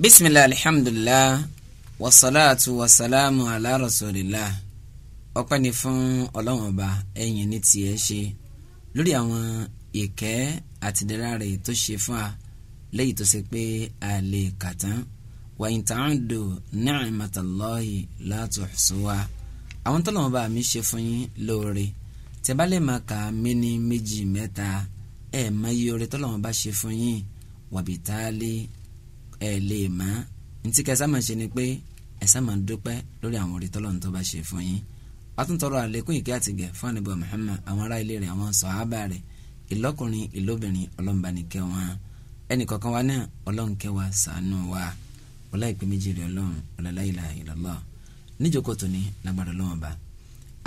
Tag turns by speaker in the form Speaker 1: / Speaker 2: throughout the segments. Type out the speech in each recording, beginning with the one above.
Speaker 1: bisimilahi alihamdulilah wasalaatu wasalaamu ala rasulillah ọpẹ́ ni fún Ọlọ́run ọba ẹ̀yin ní tiẹ̀ ṣe lórí àwọn ìkẹ́ àtìdẹ̀ra rẹ̀ tó ṣe fún wa lẹ́yìn tó ṣe pé a lè kà tán wa in ta'uddu ni'matallahi la tuhsuha àwọn tọ́lọ́run ọba mi ṣe fún yín lóore tẹ́ máa kà mí ní méjì mẹ́ta ẹ máa yí ṣe fún yín wàbítálí ẹ lè mọ́ ntí ká sáà máa ṣe ni pé ẹ sáà máa dúpẹ́ lórí àwọn orí tọ́lọ́run tó bá ṣe fún yín wàá tún tọrọ àlékún ìkẹ́ àtìgẹ̀ fún àníbọ̀ Muhammad àwọn ará ilé rẹ̀ àwọn sọ̀hábà rẹ̀ ìlọ́kùnrin ìlóbìnrin ọlọ́mbanìkẹ́ wọn ẹnì kọ̀ọ̀kan wa náà ọlọ́nkẹ́ wa ṣàánú wa ọlá ìpè méjì rẹ̀ ọlọ́run ọ̀làlá ìlà ìlọ́lọ́ níjókòó tóní lágbára ọlọ́run ọba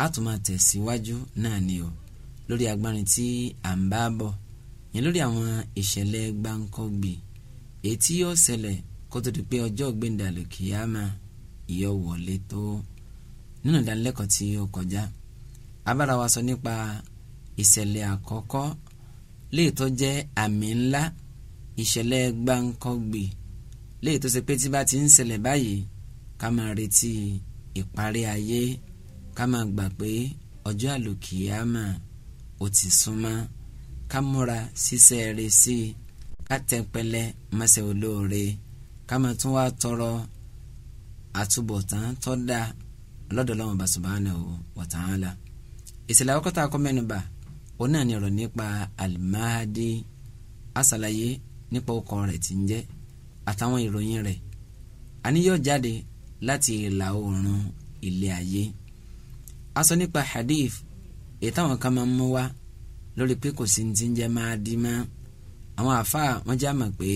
Speaker 1: a tẹ̀síwájú náà ni o lórí agbárin tí à ń bá bọ̀ yẹn lórí àwọn ìṣẹ̀lẹ̀ gbáǹkọ́gbìn ètí yóò ṣẹlẹ̀ kó tó di pé ọjọ́ gbẹ̀ndàlù kìyàmà yóò wọlé tó nínú ìdánilẹ́kọ̀ọ́ tí ó kọjá abára wa sọ nípa ìṣẹ̀lẹ̀ àkọ́kọ́ léè tó jẹ́ àmì ńlá ìṣẹ̀lẹ̀ gbáǹkọ́gbì léè tó ṣe pé tí bá ti ń ṣẹlẹ̀ báyìí ká máa retí ìparí ayé ká máa gbà pé ọjọ́ àlòkìyàmà ó ti súnmọ́ ká múra ṣiṣẹ́ rẹ̀ sí kátẹ́pẹ́lẹ́ mọ́sẹ̀ olóore kámẹ́ tún wá tọrọ àtúbọ̀tán tó dáa lọ́dọ̀ Ọlọ́hun subhanahu wa ta'ala ìṣẹ̀lẹ̀ akọ́tà akọ́mẹ́nuba òun náà ni ọ̀rọ̀ nípa alimahadi asàlàyé nípa ọkọ rẹ̀ tí ń jẹ́ àtàwọn ìròyìn rẹ̀ àníyàn láti ìlà oòrùn ilé ayé a nípa hadith èyí táwọn kan máa ń mú wá lórí pé kò sí ti ń jẹ́ mahadi máa. Ma àwọn àfáà wọ́n já mọ̀ pé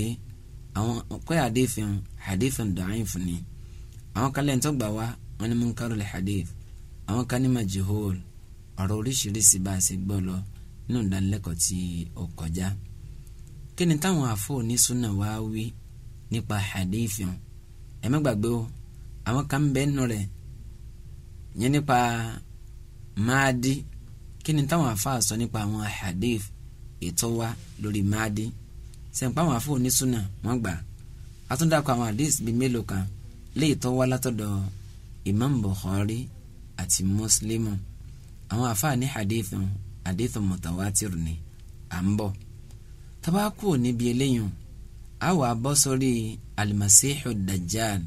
Speaker 1: àwọn pé hadithin hadithin da'if ni àwọn kan lẹ́yìn tó gbà wá wọ́n ní munkarul hadith àwọn kan ní majhul ọ̀rọ̀ oríṣiríṣi bá a ṣe gbọ́ lọ nínú ìdánilẹ́kọ̀ọ́ tí ó kọjá kí ni táwọn àfọ onísúná wá wí nípa hadithin ẹ má gbàgbé o àwọn kan bẹ́ẹ̀ nù rẹ̀ yẹn nípa máàdí kí ni táwọn àfáà sọ nípa àwọn hadith ètò wa lórí máàdí sẹ̀ǹpá àwọn afọ onísùnà wọ́n gbà atúndàkọ̀ àwọn àdìs bíi mélòó kan lé ètò wa látọ̀dọ̀ Imam Bukhari àti Muslimu àwọn afáà ní hadith hadith mutawatir ni à ń bọ̀ tábà kú níbi eléyìí a wà bọ́ sórí alimasihu dajjal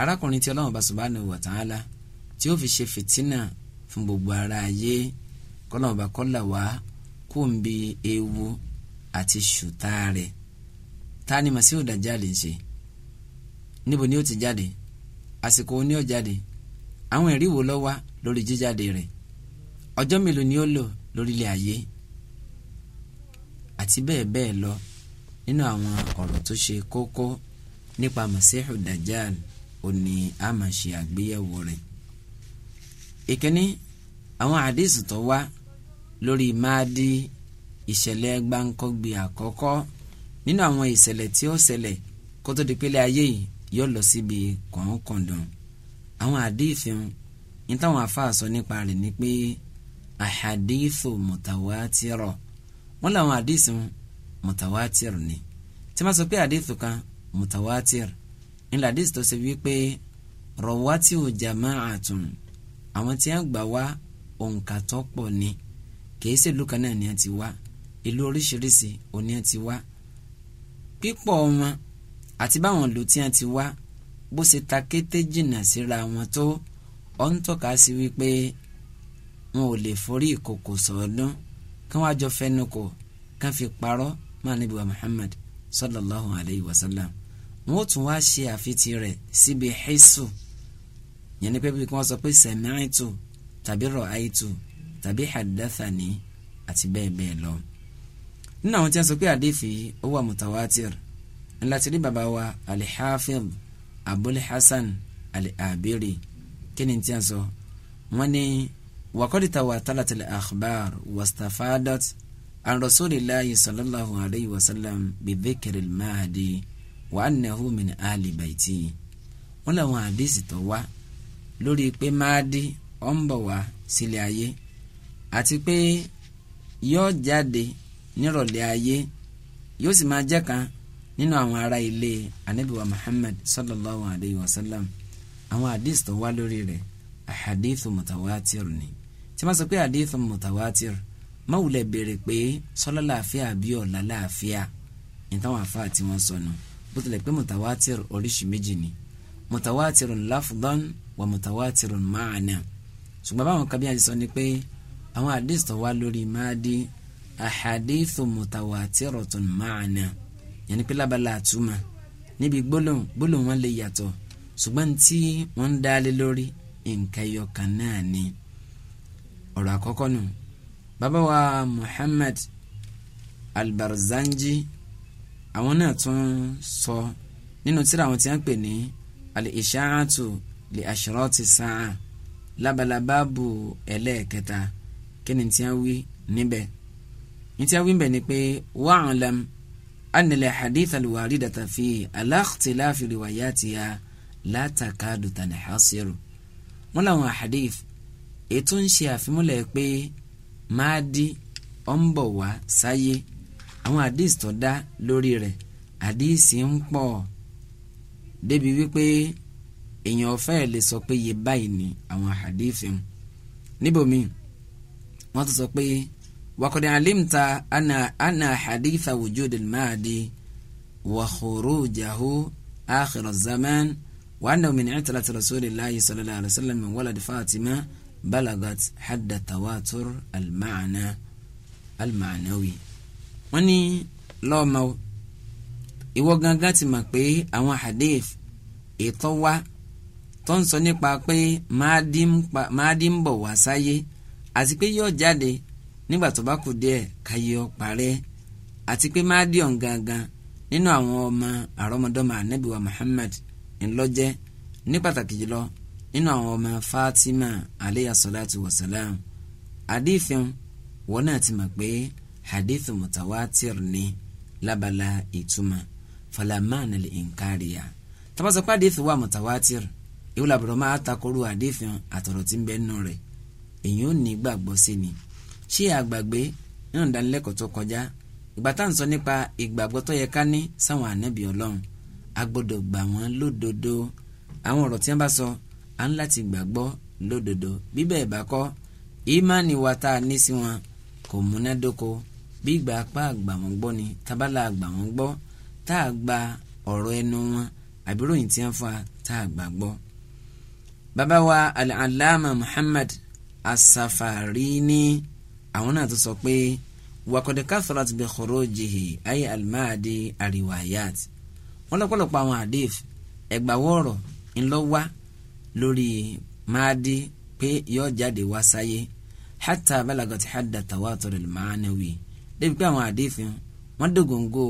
Speaker 1: arákùnrin tí Ọlọ́run bá subhanahu wa ta'ala tí ó fi ṣe fìtínà fún gbogbo ara ayé kọ́lọ́run bá kọ́là wá kó ewu àti ṣùtá rẹ̀ ta ni màsíù dàjáde ń ṣe níbo ni ó ti jáde àsìkò ni ó jáde àwọn ẹ̀rí wo ló wà lórí jíjáde rẹ̀ ọjọ́ mélòó ni ó lò lórílẹ̀ ayé àti bẹ́ẹ̀ bẹ́ẹ̀ lọ nínú àwọn ọ̀rọ̀ tó ṣe kókó nípa màsíù dàjáde òní a àgbéyẹ̀wò rẹ̀ ìkíní àwọn àdéhùn tó wá lórí máàdí ìṣẹ̀lẹ̀ gbáǹkọ́gbé àkọ́kọ́ nínú àwọn ìṣẹ̀lẹ̀ tí ó ṣẹlẹ̀ kó tó di pélé ayé yìí yóò lọ síbi kọ̀ọ̀kọ̀ndọ̀n àwọn àdéhìfin ní táwọn afáà sọ nípa rẹ̀ ni pé àhàdéhìfò mọ̀tàwátìrọ̀ wọ́n làwọn àdéhìfin mọ̀tàwátìrọ̀ ni tí wọ́n sọ pé àdéhìfin kan mọ̀tàwátìrọ̀ ńlá àdéhìfin tó ṣe wípé rọ̀wátìwò jàmáà tún àwọn tí wọ́n gbà wá òǹkà tó pọ̀ ni kìí ṣe ìlú kan náà ni a ti wá ìlú oríṣiríṣi òní a ti wá pípọ̀ wọn àti báwọn ìlú tí a ti wá bó ṣe ta kété jìnnà síra wọn tó ọ ń tọ́ka sí wípé wọn ò lè forí ìkòkò sọ̀ọ́dún kí wọ́n á jọ fẹnukò kí wọ́n fi parọ́ máa níbi wa Muhammad sallallahu alayhi wa sallam wọn ó tún wá ṣe àfitì rẹ̀ síbi hisu yẹn ni pé bí wọ́n sọ pé sẹ̀mẹ́rìntù tàbí rọ̀ àìtù tàbí hadathani àti bẹ́ẹ̀ bẹ́ẹ̀ lọ. nínú àwọn tí a sọ pé àdéfì ó wà mutawatir ńlá ti rí bàbá wa alihafid abul hasan al-abiri kí ni tí a sọ wọ́n ní wàkọ́dì tawatalat al-akhbar wastafadat an rasulillahi sallallahu alayhi wa sallam bi dhikri al wa annahu min ali bayti wọ́n làwọn àdéhìsì tó wá lórí pé mahdi ó sílẹ̀ ayé àti pé yóò jáde nírọ̀lẹ́ ayé yóò sì máa jẹ́ kan nínú àwọn ará ilé anabiwa Muhammad sallallahu alayhi wa sallam àwọn hadith tó wá lórí rẹ̀ ahadithu mutawatir ni tí wọ́n sọ pé hadithu mutawatir mawulẹ̀ béèrè pé sọlá làáfíà bí ọ̀la làáfíà ní táwọn afáà tí wọ́n sọnù bó tilẹ̀ pé mutawatir oríṣi méjì ni mutawatirun lafdan wa mutawatirun ma'ana ṣùgbọ́n báwọn kan bí a ti sọ ni pé àwọn hadith tó wá lórí Mahdi ahadithu mutawatiratun ma'ana yẹn ni pé lábala àtúmọ̀ níbi gbólóhùn gbólóhùn wọn lè yàtọ̀ ṣùgbọ́n tí wọ́n ń dálé lórí nǹkan ẹyọkan náà ni ọ̀rọ̀ àkọ́kọ́ nù bàbá wa Muhammad al-Barzanji àwọn náà tún sọ nínú tíra àwọn tí wọ́n ń pè ní al-Isha'atu li ashrati sa'a lábala báàbù ẹlẹ́ẹ̀kẹta kí ni tí a wí níbẹ̀ ntí a wí níbẹ̀ ni pé wa'lam anil hadith al-waridata fi ala ikhtilafi riwayatiha la takadu tanhasiru wọn làwọn hadith ètò ń ṣe àfimúlẹ̀ pé máa di ọ̀ ń bọ̀ wá sáyé àwọn hadith tó dá lórí rẹ̀ hadith ń pọ̀ débi wípé èèyàn ọ̀fẹ́ lè sọ pé yé báyìí ni àwọn hadith ń níbòmíì wọ́n tún sọ pé wakọ̀dẹ̀ alimta ana ana haditha wujudil maadi wa khurujahu akhir zaman wa anna min itilati rasulillahi sallallahu alaihi wasallam min walad fatima balagat hadda tawatur almaana almaanawi wọ́n ní lọ́ọ̀mà ìwọ gangan ti mọ̀ pé àwọn hadith ètò wa tó ń sọ nípa pé máa dín bọ̀ wá sáyé àti pé yóò jáde nígbà tó bá kù díẹ̀ káyé ọ parẹ́ àti pé Mahdion gangan nínú àwọn ọmọ àrọ́mọdọ́mọ Ànábì wa Muhammad ńlọ́jẹ́ ní pàtàkì jùlọ nínú àwọn ọmọ Fatima aleyha salatu wa salam àdìfẹ́hùn wọn náà ti mọ̀ pé hadith mutawatir ni labala ìtumọ̀ falamana lè nkárìá tabasọ̀ pé hadith wa mutawatir ìwúlò àbúrò máa takoru àdìfẹ́hùn àtọ̀rọ̀ tí ń bẹ́ẹ̀ nù rẹ̀ èyàn ò ní gbàgbọ́ sí ni ṣé àgbàgbé nínú ìdánilẹ́kọ̀ọ́ tó kọjá ìgbà tá à ń sọ nípa ìgbàgbọ́ tó yẹ ká ní sáwọn ànábì ọlọ́run a gbọ́dọ̀ gbà wọ́n lódodo àwọn ọ̀rọ̀ tí wọ́n bá sọ à ń láti gbàgbọ́ lódodo bíbẹ̀ ẹ̀ bá kọ́ ìmánì wa tá a ní sí wọn kò múnádóko bí ìgbà apá àgbà wọn gbọ́ ni tábàlà àgbà wọn gbọ́ tá a gba ọ̀rọ̀ ẹnu wọn àbíròyìn tí wọ́n fún wa tá a gbàgbọ́. bàbá wa al-allama Muhammad asafarini àwọn náà tó sọ pé wakọ̀dé kathorat bi khorojihi ayé almadi ariwayat wọn lọ́pọ̀lọpọ̀ àwọn hadith ẹgbàwọ́rọ̀ ńlọ́wá lórí máàdí pé yóò jáde wá sáyé hátà balagọ̀tì hádà tàwátọ̀rọ̀ lùmánáwì débi pé àwọn hadith wọn dògóńgó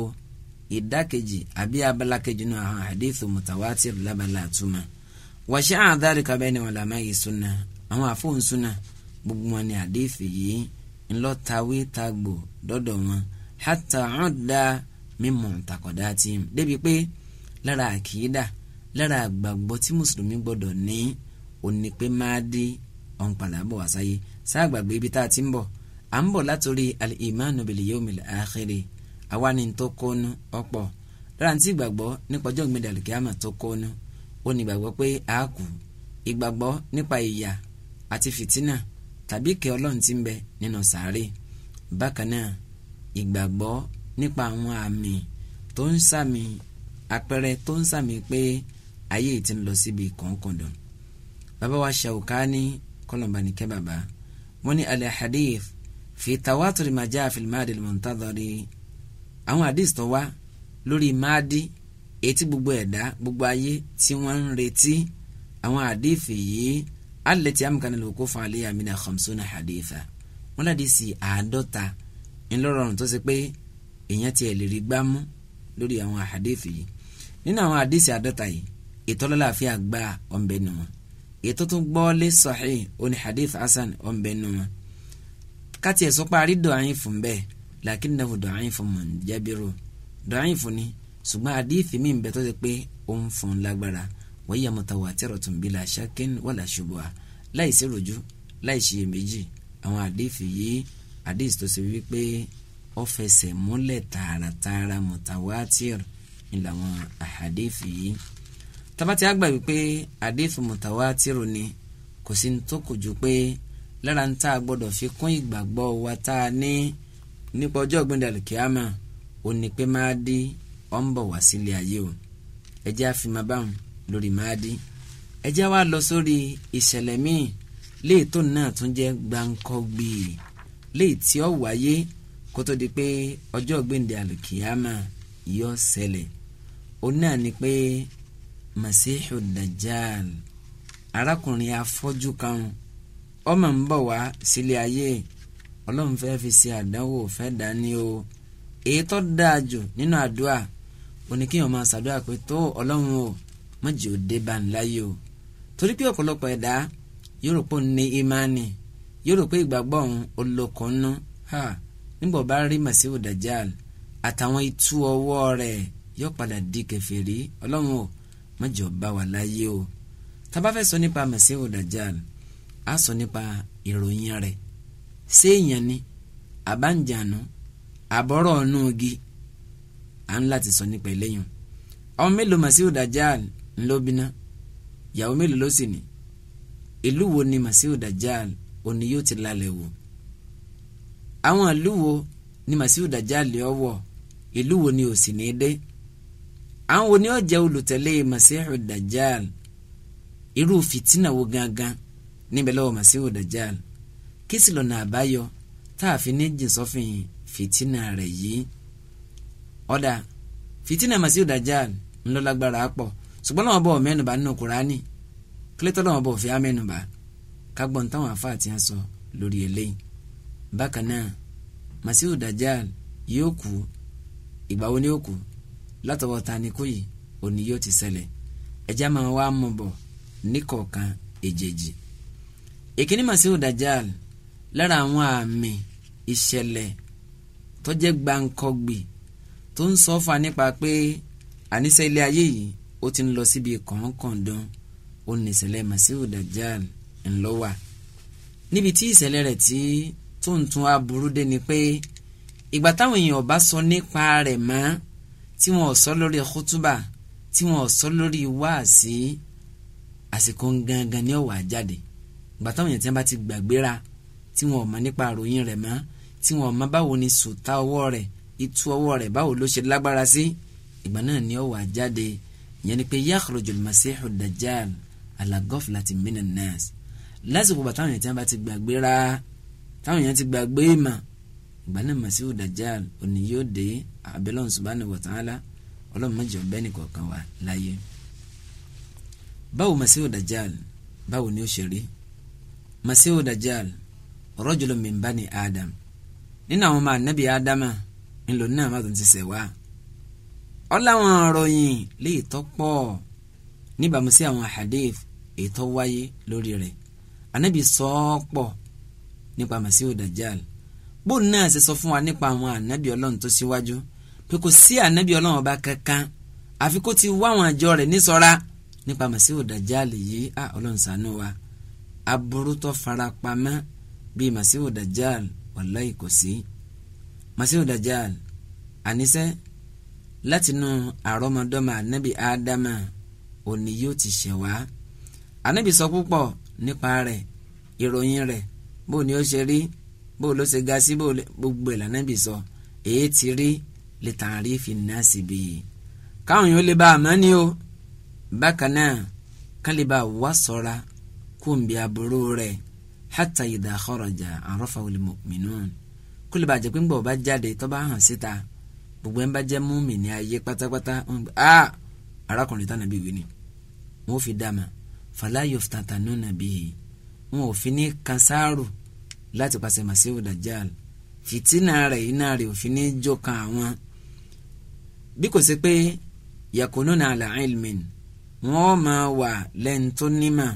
Speaker 1: ìdákejì àbí abala kejì náà àwọn hadith mutawatir lábala àtúmọ̀ wàṣẹ́ bẹ́ẹ̀ ni wọn làmáyé sunnah àwọn àfọ̀nsúnà gbogbo wọn ni àdéhìfì yìí ńlọ́tawé tagbò dọ́dọ̀ wọn hátà hàn dá mímọ̀ takọ̀dá tí m débi pé lára àkìídà lára àgbàgbọ́ tí mùsùlùmí gbọ́dọ̀ ní òní pé máa dé ọ̀npàlà bọ̀ wá sáyé sáàgbàgbé ibi tá a ti ń bọ̀ à ń bọ̀ látòrí al-imanu bil yawmil akhiri àwa ni tó kónú ọ̀pọ̀ lára àti ìgbàgbọ́ nípa ọjọ́ ìgbìndà àlùkìyàmà tó kónú ó ní ìgbàgbọ́ pé a ìgbàgbọ́ nípa ìyà àti fìtínà tàbí ìkẹ́ ọlọ́run tí ń bẹ nínú sàárè bákan náà ìgbàgbọ́ nípa àwọn àmì tó ń sàmì àpẹẹrẹ tó ń sàmì pé ayé ti ń lọ síbi kọ̀ọ̀kọ̀dọ̀ bàbá wa Ṣaukani kọlọ̀mbanìkẹ́ bàbá wọ́n ní alẹ́ hadith fi tawatur maja filimadil muntadari àwọn hadith tó wá lórí máàdí etí gbogbo ẹ̀dá gbogbo ayé tí wọ́n ń retí àwọn hadith yìí alẹ́tì amúkaná lè kó fàálẹ́ yà mí ní àkàmsónà haditha wọn láti sí àádọ́ta ńlọrọrùn tó ṣe pé èèyàn tiẹ̀ lè rí gbámú lórí àwọn àhàdíìsì yìí nínú àwọn àhàdíìsì àádọ́ta yìí ìtọ́lọ́láàfíà gba ọ̀nbẹ nù wọn ètò tó gbọ́ lé sahih oní hadith hasan ọ̀nbẹ nù wọn káti ẹ̀sọ́ parí dọ̀ọ́yìn fún bẹ́ẹ̀ làkínnáwó dọ̀ọ́yìn fún mọ̀ jábírò dọ̀ọ́yìn fún ni ṣùgbọ́n àhàdíìsì mi ń bẹ tó ṣe pé ó ń fún lágbára wọ́yà mutawatiratun bila shakin wala shubha láì sí rojú láì ṣiyèméjì àwọn àdéfì yìí àdéhìí tó ṣe wípé ó fẹsẹ̀ múlẹ̀ tààràtààrà mutawatir ni làwọn àdéfì yìí tabati àgbà wípé àdéfì mutawatiru ni kò sí ní tó kù ju pé lára ń tá a gbọ́dọ̀ fi kún ìgbàgbọ́ wa tá a ní nípa ọjọ́ ọ̀gbìndà ẹ jẹ́ àfimá báwọn lórí Mahdi ẹ jẹ́ wá lọ sórí ìṣẹ̀lẹ̀ míì léè tó náà tún jẹ́ gbáǹkọ́gbì léè tí ó wáyé kó tó di pé ọjọ́ gbẹ̀ǹdẹ̀ àlùkìyàmà yọ ṣẹlẹ̀ òun náà ni pé Masihu Dajjal arákùnrin afọ́jú kan ọmọ ń bọ̀ wá sílé ayé ọlọ́run fẹ́ fi ṣe àdánwò fẹ́ dání o èyí tó dáa jù nínú àdúrà oníkéèyàn máa ṣàdúrà pé tó ọlọ́run o má jẹ́ ó dé bá ńlá yìí o torí pé ọ̀pọ̀lọpọ̀ ẹ̀dá yóò rò pé òun ní ìmánì yóò rò pé ìgbàgbọ́ òun olókun nú ha nígbà bá rí màsíwò dajal àtàwọn itú ọwọ́ rẹ̀ yóò padà di kèfèrí ọlọ́run o má jẹ́ ó wa láyé o tá bá fẹ́ sọ nípa màsíwò dajal á sọ nípa ìròyìn rẹ̀ ṣé èèyàn ni àbájánu àbọ̀rọ̀ ọ̀nù igi à ń láti sọ nípa eléyìí ọmọ mélòó màsíwò dajal Lobina, bínà yàwó mélòó ló sì ní ìlú wo ni Masihu Dajjal òní yóò ti lálẹ́ wò àwọn ìlú wo ni Masihu Dajjal yọ wọ̀ ìlú wo ni ò sì ní dé àwọn wo ni ó jẹ́ olùtẹ̀lé Masihu Dajjal irú fìtínà wo gangan níbẹ̀ lọ́wọ́ Masihu Dajjal kí sì àbáyọ tá ní jìn fìtínà rẹ̀ yìí ọ̀dà fìtínà Masihu Dajjal ńlọ́lágbára pọ̀ ṣùgbọ́n náà bọ̀ mẹ́nuba nínú Kùránì kílẹ̀tọ́ náà bọ̀ fìyà mẹ́nuba kágbọ́n táwọn afáà ti ń sọ lórí eléyìí bákan náà Masihu Dajjal yóò kú ìgbà wo ni yóò kú látọwọ́ ta ni kú yìí òní yóò ti ṣẹlẹ̀ ẹja máa wá mú bọ̀ níkọ̀ọ̀kan èjèèjì ìkíní Masihu Dajjal lára àwọn àmì ìṣẹ̀lẹ̀ tó jẹ́ tó ń sọ nípa pé àníṣe ilé ayé yìí ó ti ń lọ síbi kọ̀ọ̀kọ̀ọ̀dán ó ní ìṣẹ̀lẹ̀ Masihu Dajjal ńlọ́wà níbi tí ìṣẹ̀lẹ̀ rẹ̀ tí tóńtún aburú dé ni pé ìgbà táwọn èèyàn bá sọ nípa rẹ̀ mọ́ tí wọn ò sọ lórí kútúbà tí wọn ò sọ lórí wáàsí àsìkò gangan ni ó wà jáde ìgbà táwọn èèyàn tí bá ti gbàgbéra tí wọn mọ nípa àròyìn rẹ̀ mọ́ tí wọn mọ báwo ni sùtá ọwọ́ rẹ̀ itú ọwọ́ rẹ̀ báwo ló ṣe lágbára sí ìgbà náà ni ó jáde yẹn ni pé yakhrujul masihu dajjal ala ghaflatin minan nas lásìkò bàtà àwọn èèyàn bá ti gbàgbé ra táwọn èèyàn ti gbàgbé mà ìgbà náà masihu dajjal òní yóò dé abẹ́lọ́n subhanahu wa ta'ala ọlọ́run mọ́jọ bẹ́ẹ̀ nìkọ̀ọ̀kan wà láyé báwo masihu dajjal báwo ni ó ṣe rí masihu dajjal rajulun min bani adam nínú àwọn ọmọ anabi adama ńlò náà má tó ti ṣẹ̀ wá ọ láwọn àròyìn lè tọ́ pọ̀ níbàámu sí àwọn hadith ètò wáyé lórí rẹ̀ anabi sọ ọ́ pọ̀ nípa Masihu Dajjal bóun náà ṣe sọ fún wa nípa àwọn anabi ọlọ́run tó ṣíwájú pé kò sí anabi ọlọ́run ọba kankan àfi kó ti wá àwọn àjọ rẹ̀ níṣọ́ra nípa Masihu Dajjal yìí à ọlọ́run ṣàánú wa aburú tó fara pamọ́ bíi Masihu kò sí Masihu Dajjal àníṣẹ́ látinú àrọ́mọdọ́mọ anabi ádámà òní yóò ti ṣẹ̀ wá anabi sọ púpọ̀ nípa rẹ̀ ìròyìn rẹ̀ bó ni ó ṣe rí bó ló ṣe ga sí gbogbo ẹ̀ lànàbì sọ èyí ti rí lè tàn rí fìnnà síbi káwọn yóò lè bá àmọ́ ni o bákan náà kán lè bá wá sọ́ra kó aburú rẹ̀ hátà ìdá àkọ́rọ̀jà àrọ́fà olùmọ̀mìnú kó lè bá jẹ́ pé ń bọ̀ bá jáde tó bá hàn síta. Si gbogbo ẹ̀ ń bá jẹ́ múmi ní ayé pátápátá ń gbà á arákùnrin tánà bí wí ni wọn ò fi dá ma fàlàyé òfìtàtà nùnà bíi wọn ò fi ní kansáàrù láti pàṣẹ màsíwò dàjáàl fìtínà rẹ̀ iná rẹ̀ ò fi ní jó kan àwọn bí kò sí pé yakunu na ala ilmin wọn máa wà lẹ́ni tó nímà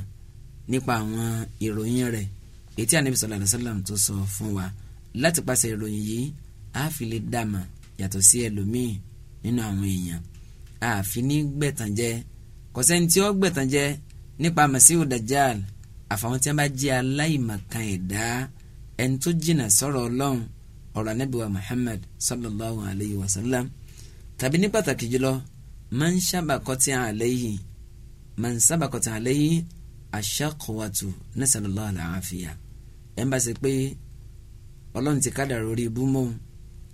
Speaker 1: nípa àwọn ìròyìn rẹ̀ ètí ànábi sallallahu alaihi wasallam tó sọ fún wa láti pàṣẹ ìròyìn yìí àá fi lè dá ma yàtọ̀ sí ẹlòmíì nínú àwọn èèyàn àfi ní gbẹ̀tànjẹ kọ̀sẹ́ni tí ó gbẹ̀tànjẹ nípa Masihu Dajjal àfàwọn tí wọ́n bá jẹ́ aláìmọ̀kan ẹ̀dá ẹni tó jìnnà sọ̀rọ̀ Ọlọ́run ọ̀rọ̀ anábìwá Muhammad sallallahu alayhi wa sallam tàbí ní pàtàkì jùlọ man shabakoti alayhi man sabakoti alayhi aṣakuwatu nasallallahu alaafiya ẹ̀ ń bá ṣe pé Ọlọ́run ti kádàrá orí ibú mọ́ òun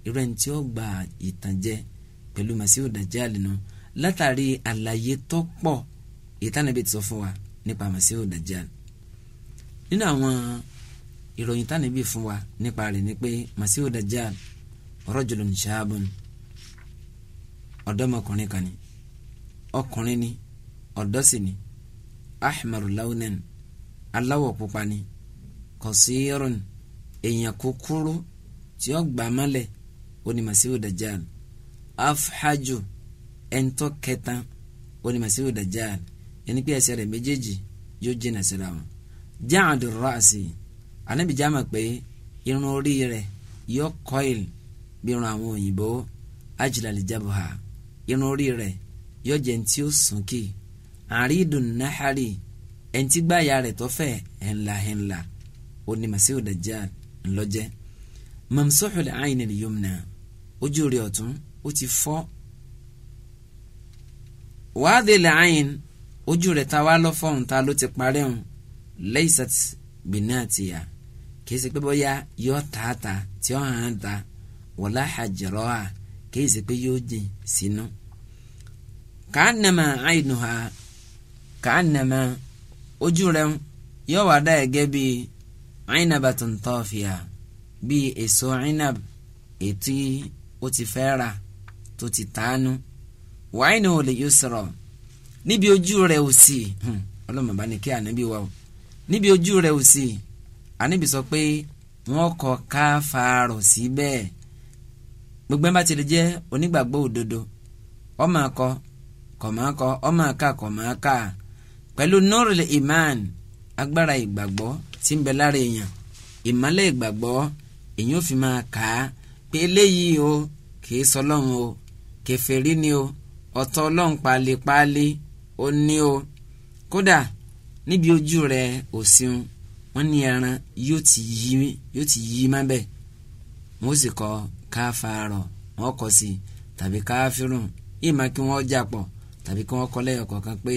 Speaker 1: irú ẹni tí ó gba ìtànjẹ pẹ̀lú Masihu Dajjal nu látàrí àlàyé tó pọ̀ ìtànàbí ti sọ fún wa nípa Masihu Dajjal nínú àwọn ìròyìn tànàbí fún wa nípa rẹ̀ ni pé Masihu Dajjal rajulun shabun ọ̀dọ́mọkùnrin kan ni ọkùnrin ni ọ̀dọ́ sì ni ahmaru launen aláwọ̀ pupa ni kọ̀síírùn èèyàn kúkúrú tí ó gbà onímọ̀síwò dajjal afhaju ẹ̀ńtọ́ kẹta onímọ̀síwò dajjal ẹni pé ẹsẹ̀ rẹ̀ méjèèjì yóò jìnnà síra wọn. jáàdù rọ́ọ̀sì anábì jáàmà pé irun orí rẹ̀ yóò coil bí irun àwọn òyìnbó ajilali jabuha irun orí rẹ̀ yóò jẹ́ ntí ó sùnkì àrídùn náhárì ẹ̀ntí gbáyà rẹ̀ tọ́fẹ̀ ẹ̀ńlá ẹ̀ńlá onímọ̀síwò dajjal ńlọ́jẹ́ mamsuhul ayni al-yumna ojú rẹ̀ ọ̀tún ó ti fọ́ wàádìí làáyìn ojú rẹ̀ ta wá lọ́fọ̀hún ta ló ti parẹ́ hùn laysat binatiya kìí ṣe pé bóyá yọ tààtà tí ó hàn ta wala hajraha kìí ṣe pé yóò jìn sínú. ka'annama aynuha ka'annama ojú rẹ̀ yọ wà dá ẹ̀gẹ́ bíi aynabatun tafiya bíi èso ainab ètí ó ti fẹ́ rà tó ti tánú wàáìnì ò lè yóò sọ̀rọ̀ níbi ojú rẹ̀ ò sí hmm, ọlọ́mọba ni kí ànábì wà o níbi ojú rẹ̀ ò sí ànábì sọ pé wọ́n kọ káfàárọ̀ síbẹ̀ gbogbo ẹ̀ bá ti lè jẹ́ onígbàgbọ́ òdodo ọmọ akọ kọ̀mọ́kọ ọmọ aka kọ̀mọ́ka pẹ̀lú nurul iman agbára ìgbàgbọ́ tí ń bẹ lára èèyàn ìmọ́lẹ̀ ìgbàgbọ́ èèyàn ò fi máa kà pé eléyìí o kìí sọlọ́run o kèfèrí ni o ọ̀tọ̀ ọlọ́run pálípálí ó ní o kódà níbi ojú rẹ̀ ò síun wọ́n ní ẹran yóò ti yí má bẹ́ẹ̀ wọ́n sì kọ́ káfàárọ̀ wọ́n kọ́ sí tàbí káfírùn ìmọ̀ kí wọ́n jà pọ̀ tàbí kí wọ́n kọ́ lẹ́yìn kọ̀ọ̀kan pé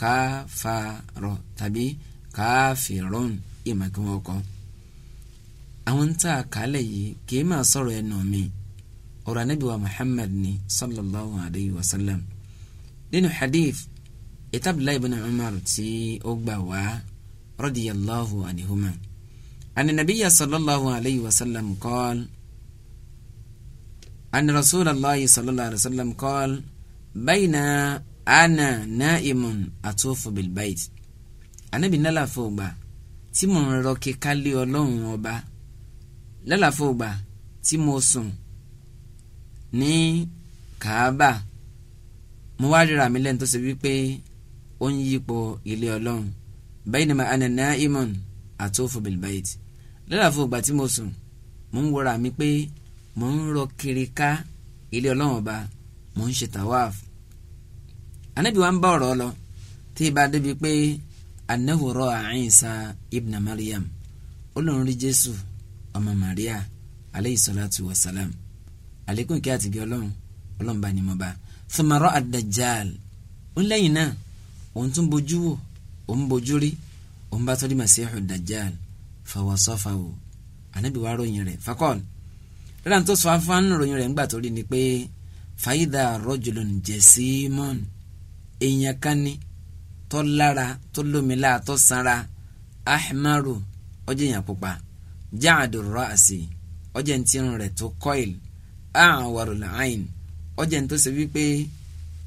Speaker 1: káfàárọ̀ tàbí káfírùn ìmọ̀ kí wọ́n kọ́ àwọn ń tà kálẹ̀ yìí kìí máa sọ̀rọ̀ ẹnu mi ọ̀rọ̀ anábì wa muhammad ni sallallahu alayhi wa sallam nínú hadith itabla ibn umar tí ó gbà wá radiyallahu anihuma ani nabiya sallallahu alayhi wa sallam kọ́l ani rasulallah sallallahu alayhi wa sallam kọ́l bayna ana naimun atufu bilbait anabi nala fún ọgbà tí mò ń rọ kíkálé ọlọ́run ọba lálàfo ìgbà tí mo sùn ní Kaaba mo wá ríra mi lẹ́nu tó ṣe wípé ó ń yípo ilé Ọlọ́run bainama ana na'imun atufu bil bayt lálàfo ìgbà tí mo sùn mo ń wọra mi pé mo ń rọ kiri ká ilé Ọlọ́run ọba mo ń ṣe tawaf anabi wa ń bá ọ̀rọ̀ lọ tí ibà débi pé anahurọ Isa ibn Maryam ó rí Jésù ọmọ Maria aleyhi salatu wa salam alekun ike àti igi Ọlọ́run Ọlọ́run bá ní mo bá sọmarọ adajal ó lẹ́yìn náà òun tún bojú wò òun bojú rí òun bá tọ́lí masihu dajal fawasọfawo anabi wa ròyìn rẹ̀ fakọọl rírà tó sọ afán ròyìn rẹ̀ ńgbà tó rí ni pé fàyídà rọjòlón jẹsímọn èèyàn kan ni tó lára tó sanra ahmaru ọjọ́ èèyàn pupa jáàdù rọ́ọ̀sì ọjà ń tirun rẹ̀ tó coil àwọ̀rò làáyìn ọjà ń tó wípé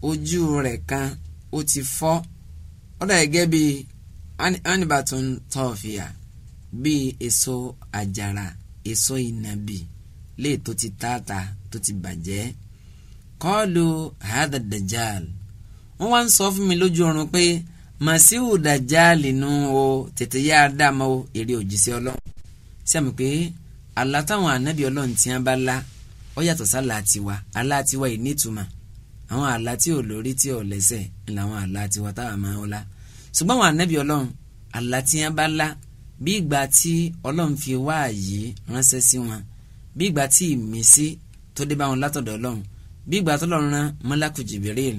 Speaker 1: ojú rẹ̀ kan ó ti fọ́ ọ̀dà gẹ́gẹ́ bí anibatun tọ́ọ̀fìyà bíi èso àjàrà èso ìnàbì lè tó ti tààtà tó ti bàjẹ́ kọ́ọ̀lù hadha dajjal wọ́n wá ń sọ fún mi lójú oorun pé màsíhù dajjal nù o tètè yá a dá mọ́ o èrè òjíṣẹ́ ọlọ́run sí àmì pé àlá táwọn ànábì ọlọ́run tí wọ́n bá lá ó yàtọ̀ sálà tiwa àlá tiwa yìí nítumọ̀ àwọn àlá tí ò lórí tí ò lẹ́sẹ̀ ni làwọn àlá tiwa táwọn máa ń lá ṣùgbọ́n àwọn ànábì ọlọ́run àlá tí wọ́n bá lá bí ìgbà tí ọlọ́run fi wá àyè ránṣẹ́ sí wọn bí ìgbà tí ìmísí tó dé bá wọn látọ̀dọ̀ ọlọ́run bí ìgbà tó lọ́ọ́ ran mọ́lákù jìbìrìl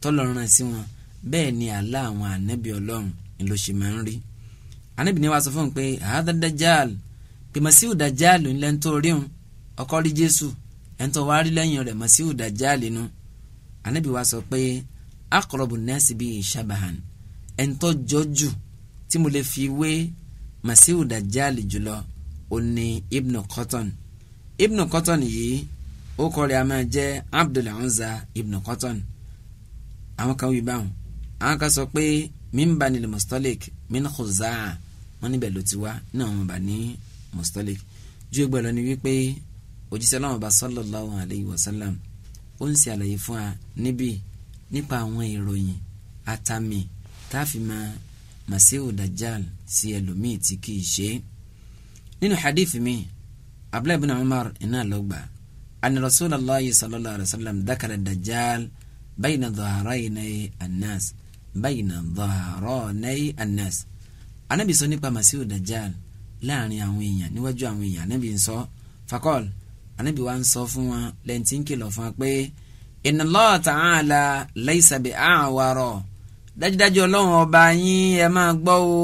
Speaker 1: tó lọ́ọ́ ran sí wọn bẹ́ẹ̀ ni àlá àwọn ànábì ọlọ́run ni ló ṣe máa ń rí ànábì ni wàá sọ fún un pé àádọ́dájáàlì pé masiu dajali ńlẹ́ ń tó ríhun ọkọ rí jésù ẹ̀ ń tó wá rí lẹ́yìn rẹ̀ masiu dajali nu anabi wa sọ pé akọrọbù nẹ́ẹ̀sì bíi shabahan ẹ̀ ń tó jọjú tí mo lè fi wé masiu dajali jùlọ òní ibnu cotton ibnu cotton yìí ó kọ́ rẹ̀ a máa jẹ́ abdul anza ibnu cotton àwọn kan wí báwọn àwọn kan sọ pé min bani lè mustalik min khuzaa wọn níbẹ̀ ló ti wá náà wọn bá ní Mustalik ju ìgbà lọ ni wípé òjíṣẹ́ náà bá sallallahu alayhi wa sallam ó ń ṣe àlàyé fún wa níbí nípa àwọn ìròyìn atami táàfìmà Masihu Dajjal sí ẹlòmíì tí kìí ṣe nínú hadith mi Abdullahi bin Umar iná ló gbà ani Rasulullahi sallallahu alayhi wa sallam dakala Dajjal bayna dhahraynayi annas bayna dhahraynayi annas anabi sọ nípa Masihu Dajjal láàrin àwọn èèyàn níwájú àwọn èèyàn anábì ń sọ fakọ́l anábì wa ń sọ fún wọn lẹ́yìn ń kìlọ̀ fún wa pé inna Allaha ta'ala laysa bi a'wara dájúdájú ọlọ́run ọba yín ẹ máa gbọ́ o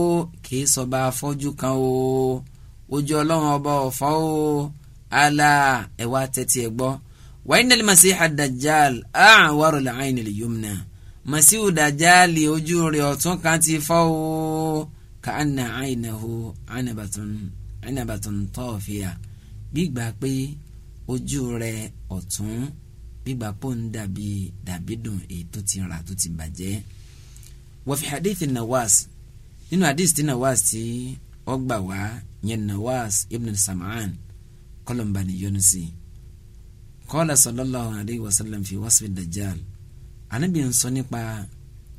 Speaker 1: kìí sọba afọ́jú kan o ojú ọlọ́run ọba ọ̀fọ́ o ala ẹ wá tẹ́tí ẹ gbọ́ wa innal masiha dajjal a'waru al-'ayni al-yumna masihu dajjal ojú rẹ̀ ọ̀tún kan ti fọ́ o ka anna aynahu anabatun anabatun tọ́ọ̀fìyà gbígbà pé ojú rẹ̀ ọ̀tún gbígbà pọ̀ ń dàbí dàbí dùn èyí tó ti rà tó ti bàjẹ́ wa fi hadith nawas nínú hadith tí nawas ti ọgbà wá yẹn nawas ibn sam'an kọlọmba ni yọnu sí kọ́lá sallallahu alayhi wa sallam fi wasfi dajjal anabi ń nípa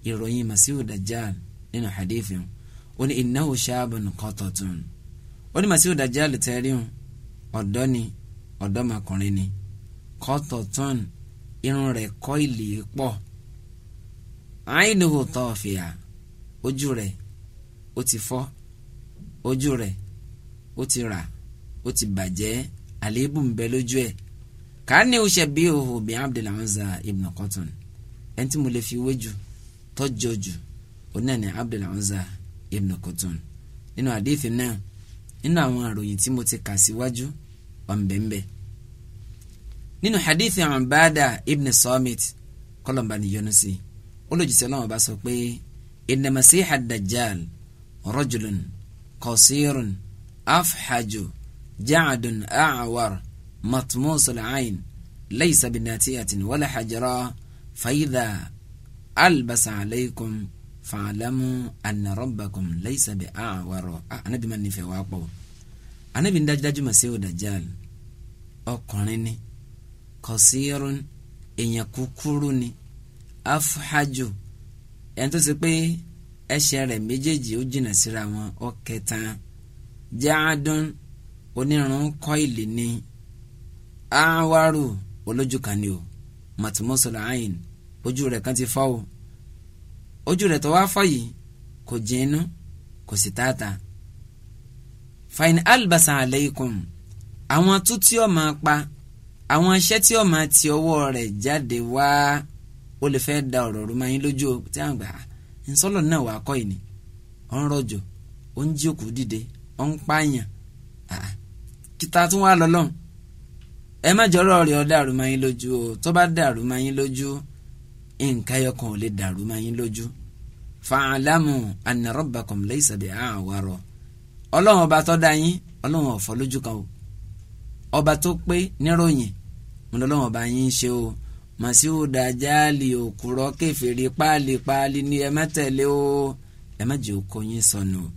Speaker 1: ìròyìn masihu dajjal nínú hadithin. No ó ní innahu shabun qatatun ó ní Masihu Dajjal tẹ́ríhùn ọ̀dọ́ ni ọ̀dọ́mọkùnrin ni qatatun irun rẹ̀ kọ́ ìlì pọ̀ aynuhu tafiya ojú rẹ̀ ó ti fọ́ ojú rẹ̀ ó ti rà ó ti bàjẹ́ àléébù ń bẹ lójú ẹ̀ kàánì oṣù bí òhò bí Abdul ibn Qatan ẹni tí mo lè fi wé jù tọ́jọ́ jù òun ní Abdul ibn Kutun nínú àdéhìí náà nínú àwọn àròyìn tí mo ti kà síwájú ọ̀nbẹ̀nbẹ̀ nínú hadithi Ubada ibn Samit kọlọmba ni yọnu sí olójúṣe ọlọ́wọ́n bá sọ pé inna masiha dajjal rajulun qasirun afhaju jacdun acwar matmusul cayn laysa binatiyatin wala albasa calaykum fàlámù anarọ́bàkùn láìsàbẹ̀ àwárọ̀ anabi máa nífẹ̀ẹ́ wá pọ̀ anabi ń dájúdájú mà sí òdàjáàlì ọkùnrin ni kọ̀síọ́rún èèyàn kúkúrú ni afuhajù ẹni tó ṣe pé ẹsẹ̀ rẹ̀ méjèèjì ó jìnnà síra wọn ó kẹta jáádùn onírun kọ́ìlì ni àwárò olójú kan ni o màtúmọ́sọ̀lá ojú rẹ̀ kan ti fọ́ o ojú rẹ̀ tó wá fọ́ yìí kò jẹ́nu kò sì tààtà. fain albasa aleikum àwọn tú tí ó máa pa àwọn iṣẹ́ tí ó máa ti ọwọ́ rẹ̀ jáde wá ó lè fẹ́ da ọ̀rọ̀ rú máa yín lójú o tí àwọn gbà á nsọ́lọ̀ náà wàá kọ́ ìní ọ̀ ń rọ̀jò ó ń jí òkú dìde ó ń pààyàn kíta tún wá lọ́lọ́run ẹ má jọ̀rọ̀ rẹ̀ ó dàrú máa yín lójú o tó bá dàrú máa yín lójú o nǹkan ẹyọkan ò lè dàrú máa yín lójú fa'alamu anna rabbakum laysa bi'awara ọlọ́run ọba tó dá yín ọlọ́run ò fọ́ lójú kan o ọba tó pé níròyìn mo lọ́lọ́run ọba yín ṣe o màsíù dàjáàlì òkúrọ́ kẹfìrí páálípaálí ni ẹ má tẹ̀lé o ẹ má jẹ́ òkò yín sọnù o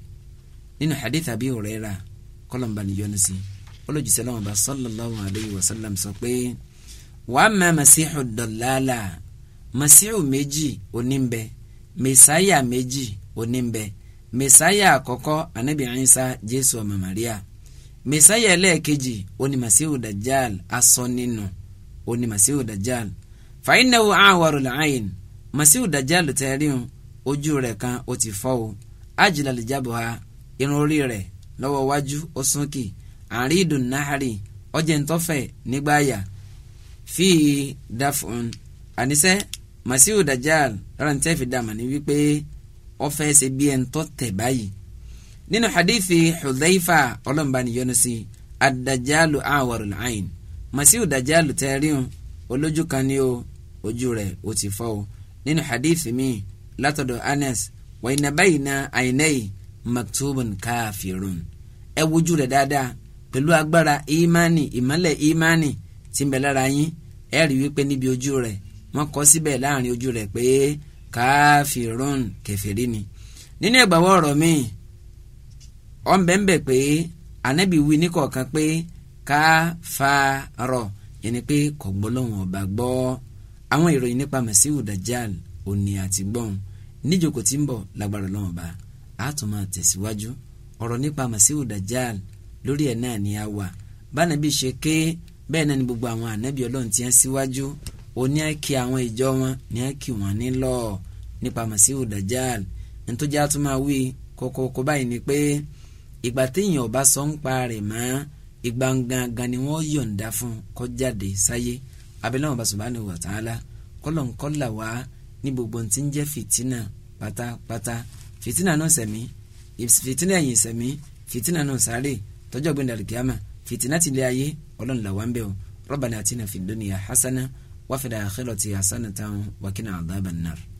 Speaker 1: nínú hadith Abi Huraira kọ́lọ̀mbà níyọnu sí olójúṣẹ́ lọ́wọ́n ọba sallallahu alayhi wa sallam sọ pé wàá mẹ́ màsíù dọ̀làlà masiu meji onimbe, mesaya meji onimbe, mesaya àkọ́kọ́ anabi Isa jésù Maria mesaya ẹlẹ́ẹ̀kejì oni masiu dajjal asọ nínú oní masiu dajjal fàyínàwó àwòrán làáyìn masiu dajjal tẹ́rìn ojú rẹ̀ kan ó ti fọ́ o ajilalijabo ha irun orí rẹ̀ waju wájú ó súnkì àárín ìdùn náhárì ọjẹ́ ntọ́fẹ̀ nígbà yà masiu dajjal lára ní tẹ́ẹ̀fì dàmà ní wípé ó fẹ́ ṣe bí ẹni tó tẹ̀ báyìí nínú hadithi hudhaifa ọlọ́mba níyọnu sí adajalu awarul ain masiu dajjal tẹ́ríhùn olójú kan ní o ojú rẹ̀ ó ti fọ́ o nínú hadithi mi látọ̀dọ̀ anes wàyínà báyìí na àyìnlẹ́yì maktubun káfírun ẹ wojú rẹ̀ dáadáa pẹ̀lú agbára ìmánì ìmọ́lẹ̀ ìmánì tí ń bẹ lára níbi ojú rẹ̀ wọ́n kọ síbẹ̀ láàrin ojú rẹ̀ pé káfíròn kẹfìrí ni nínú ẹgbàwọ́ ọ̀rọ̀ míì ọ̀n bẹ́ẹ̀ pé ànábì wí ní kọ̀ọ̀kan pé káfàárọ̀ yẹn ni pé kò gbọ́ lọ́wọ́n ọba gbọ́ àwọn ìròyìn nípa Masihu Dajjal òní àti gbọ́n níjókòó tí ń bọ̀ lágbára lọ́wọ́n ọba a máa tẹ̀síwájú ọ̀rọ̀ nípa Masihu Dajjal lórí ẹ̀ náà ni a wà bánabi ṣe ké bẹ́ẹ̀ náà ni gbogbo àwọn ànábì Ọlọ́run ti ń síwájú òní àkì àwọn ìjọ wọn ní àkì wọn nílọ nípa màsíwò dajjal nítòjá tó máa wí kókókó báyìí ni pé ìgbà téèyàn ọba sọ ń pa rẹ̀ mọ́ ìgbà gangan ni wọ́n yọ̀ǹda fún kó jáde sáyé abiláwọn bá subhanahu wa ta'ala kọ́lọ̀ńkọ́là wá ní gbogbo tí ń jẹ́ fìtínà pátápátá fìtínà náà sẹ̀mí fìtínà ẹ̀yìn sẹ̀mí fìtínà náà sáré tọ́jọ́ gbẹ̀ndàlùkíyàmà fìtínà tìlẹ̀ ayé ọlọ́run làwọn bẹ́ẹ̀ o rabbana atina fid dunya hasana وفي الآخرة حسنة وكنا عذاب النار